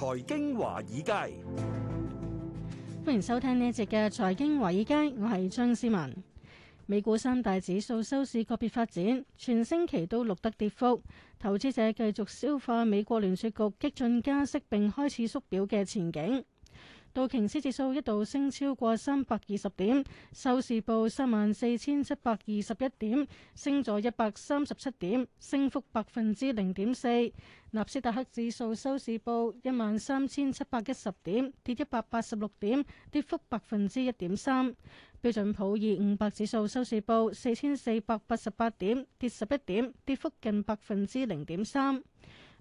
財經華爾街，歡迎收聽呢一節嘅財經華爾街，我係張思文。美股三大指數收市個別發展，全星期都錄得跌幅，投資者繼續消化美國聯儲局激進加息並開始縮表嘅前景。道瓊斯指數一度升超過三百二十點，收市報三萬四千七百二十一點，升咗一百三十七點，升幅百分之零點四。納斯達克指數收市報一萬三千七百一十點，跌一百八十六點，跌幅百分之一點三。標準普爾五百指數收市報四千四百八十八點，跌十一點，跌幅近百分之零點三。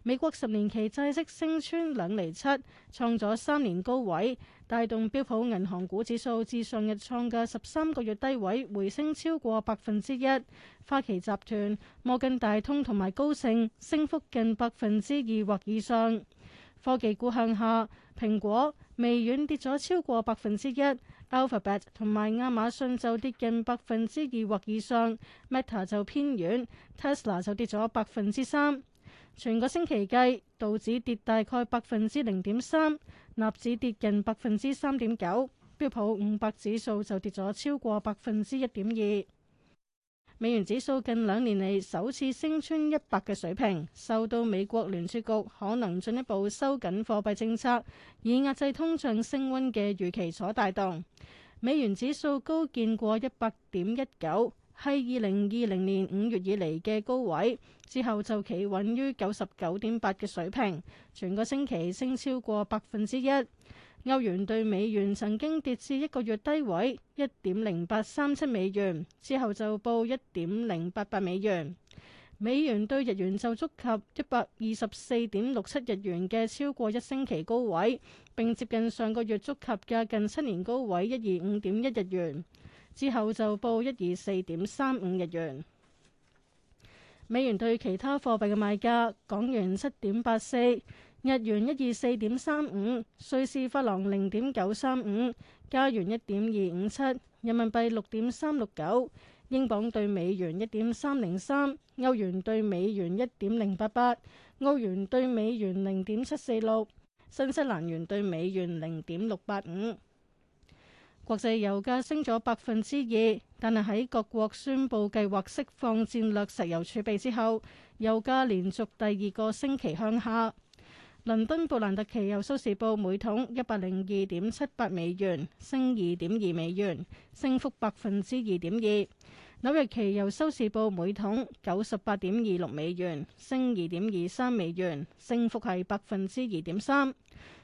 美國十年期債息升穿兩厘七，創咗三年高位，帶動標普銀行股指數自上日創嘅十三個月低位回升超過百分之一。花旗集團、摩根大通同埋高盛升幅近百分之二或以上。科技股向下，蘋果微軟跌咗超過百分之一，Alphabet 同埋亞馬遜就跌近百分之二或以上，Meta 就偏軟，Tesla 就跌咗百分之三。全個星期計，道指跌大概百分之零點三，納指跌近百分之三點九，標普五百指數就跌咗超過百分之一點二。美元指數近兩年嚟首次升穿一百嘅水平，受到美國聯儲局可能進一步收緊貨幣政策以壓制通脹升溫嘅預期所帶動。美元指數高見過一百點一九。係二零二零年五月以嚟嘅高位，之後就企穩於九十九點八嘅水平。全個星期升超過百分之一。歐元對美元曾經跌至一個月低位一點零八三七美元，之後就報一點零八八美元。美元對日元就觸及一百二十四點六七日元嘅超過一星期高位，並接近上個月觸及嘅近七年高位一二五點一日元。之後就報一二四點三五日元，美元對其他貨幣嘅賣價：港元七點八四，日元一二四點三五，瑞士法郎零點九三五，加元一點二五七，人民幣六點三六九，英鎊對美元一點三零三，歐元對美元一點零八八，澳元對美元零點七四六，新西蘭元對美元零點六八五。國際油價升咗百分之二，但係喺各國宣布計劃釋放戰略石油儲備之後，油價連續第二個星期向下。倫敦布蘭特期油收市報每桶一百零二點七八美元，升二點二美元，升幅百分之二點二。紐約期油收市報每桶九十八點二六美元，升二點二三美元，升幅係百分之二點三。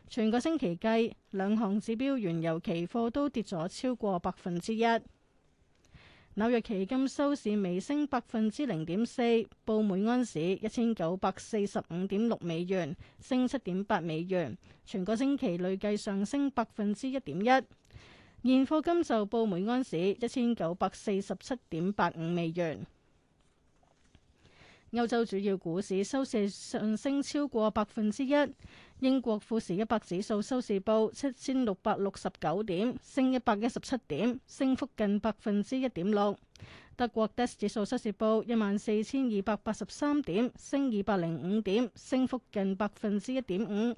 全個星期計，兩項指標原油期貨都跌咗超過百分之一。紐約期金收市微升百分之零點四，報每安士一千九百四十五點六美元，升七點八美元。全個星期累計上升百分之一點一。現貨金就報每安士一千九百四十七點八五美元。歐洲主要股市收市上升超過百分之一，英國富時一百指數收市報七千六百六十九點，升一百一十七點，升幅近百分之一點六。德國 DAX 指數收市報一萬四千二百八十三點，升二百零五點，升幅近百分之一點五。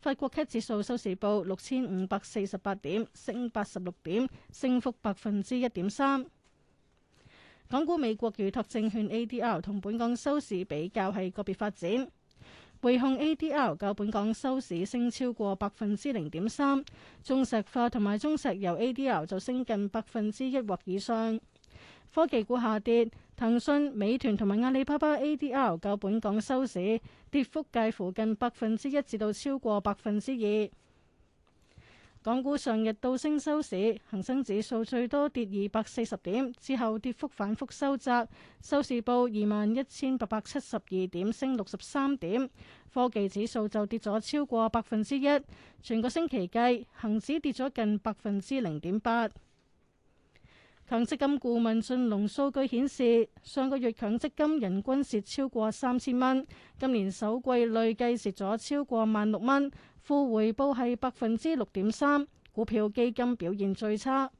法國 CAC 指數收市報六千五百四十八點，升八十六點，升幅百分之一點三。港股、美國預託證券 A D R 同本港收市比較係個別發展。匯控 A D R 較本港收市升超過百分之零點三，中石化同埋中石油 A D R 就升近百分之一或以上。科技股下跌，騰訊、美團同埋阿里巴巴 A D R 較本港收市跌幅介乎近百分之一至到超過百分之二。港股上日倒升收市，恒生指數最多跌二百四十點，之後跌幅反覆收窄，收市報二萬一千八百七十二點，升六十三點。科技指數就跌咗超過百分之一，全個星期計，恒指跌咗近百分之零點八。強積金顧問俊龍數據顯示，上個月強積金人均蝕超過三千蚊，今年首季累計蝕咗超過萬六蚊。負回報係百分之六點三，股票基金表現最差。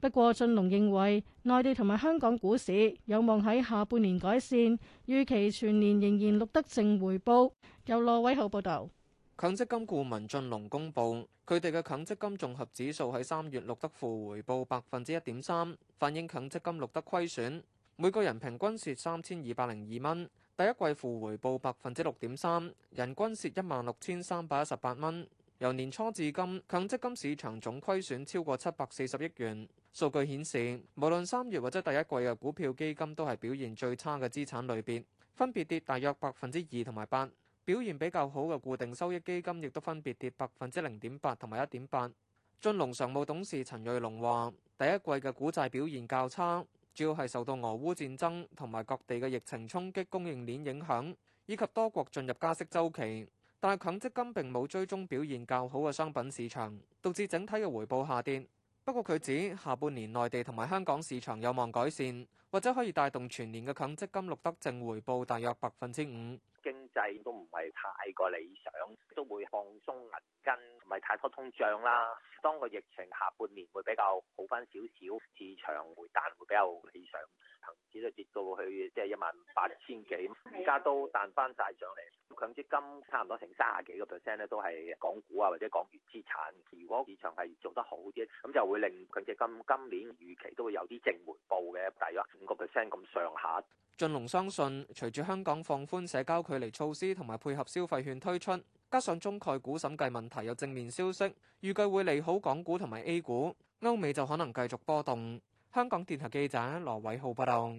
不過，駿隆認為內地同埋香港股市有望喺下半年改善，預期全年仍然錄得正回報。由羅偉浩報道，強積金顧問駿隆公佈，佢哋嘅強積金綜合指數喺三月錄得負回報百分之一點三，反映強積金錄得虧損，每個人平均蝕三千二百零二蚊。第一季負回報百分之六點三，人均蝕一萬六千三百一十八蚊。由年初至今，強積金市場總虧損超過七百四十億元。數據顯示，無論三月或者第一季嘅股票基金都係表現最差嘅資產類別，分別跌大約百分之二同埋八。表現比較好嘅固定收益基金亦都分別跌百分之零點八同埋一點八。俊龍常務董事陳瑞龍話，第一季嘅股債表現較差。主要係受到俄烏戰爭同埋各地嘅疫情衝擊供應鏈影響，以及多國進入加息周期，但係強積金並冇追蹤表現較好嘅商品市場，導致整體嘅回報下跌。不過佢指下半年內地同埋香港市場有望改善，或者可以帶動全年嘅強積金錄得正回報大約百分之五。都唔係太過理想，都會放鬆銀根，唔係太多通脹啦。當個疫情下半年會比較好翻少少，市場會彈會比較理想，恆指都跌到去即係一萬八千幾，而家都彈翻晒上嚟。強積金差唔多成三十幾個 percent 咧，都係港股啊或者港元資產。如果市場係做得好啲，咁就會令強積金今年預期都會有啲正回報嘅，大約五個 percent 咁上下。俊龍相信，隨住香港放寬社交距離措施同埋配合消費券推出，加上中概股審計問題有正面消息，預計會利好港股同埋 A 股。歐美就可能繼續波動。香港電台記者羅偉浩報道。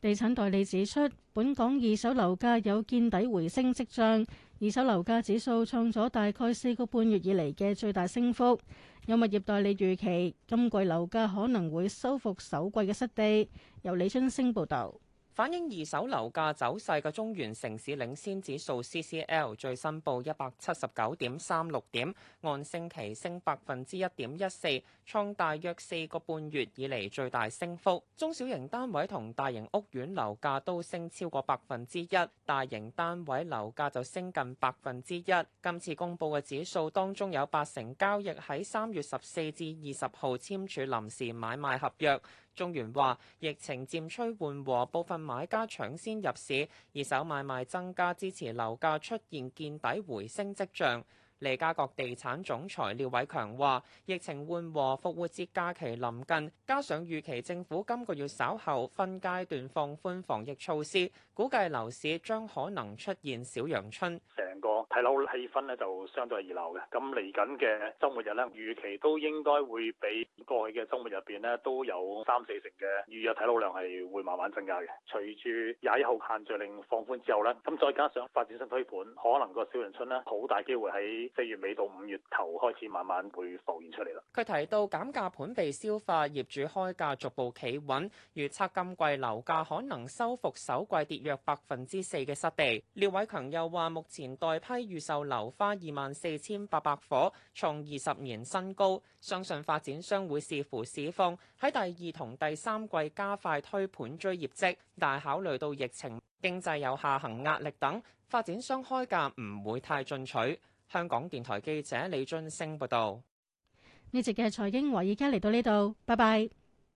地產代理指出，本港二手樓價有見底回升跡象，二手樓價指數創咗大概四個半月以嚟嘅最大升幅。有物業代理預期今季樓價可能會收復首季嘅失地。由李春升報道。反映二手樓價走勢嘅中原城市領先指數 CCL 最新報一百七十九點三六點，按星期升百分之一點一四，創大約四個半月以嚟最大升幅。中小型單位同大型屋苑樓價都升超過百分之一，大型單位樓價就升近百分之一。今次公佈嘅指數當中有八成交易喺三月十四至二十號簽署臨時買賣合約。中原話，疫情漸趨緩和，部分買家搶先入市，二手買賣增加，支持樓價出現見底回升跡象。利嘉閣地產總裁廖偉強話：疫情緩和，復活節假期臨近，加上預期政府今個月稍後分階段放寬防疫措施，估計樓市將可能出現小陽春。個睇樓氣氛咧就相對係熱鬧嘅，咁嚟緊嘅週末日咧，預期都應該會比過去嘅週末入邊咧都有三四成嘅預約睇樓量係會慢慢增加嘅。隨住廿一號限聚令放寬之後呢，咁再加上發展新推盤，可能個小陽春呢，好大機會喺四月尾到五月頭開始慢慢會浮現出嚟啦。佢提到減價盤被消化，業主開價逐步企穩，預測今季樓價可能收復首季跌約百分之四嘅失地。廖偉強又話：目前。代批預售樓花二萬四千八百伙，創二十年新高。相信發展商會視乎市況，喺第二同第三季加快推盤追業績。但係考慮到疫情、經濟有下行壓力等，發展商開價唔會太進取。香港電台記者李俊升報導。呢節嘅財經華爾街，而家嚟到呢度，拜拜。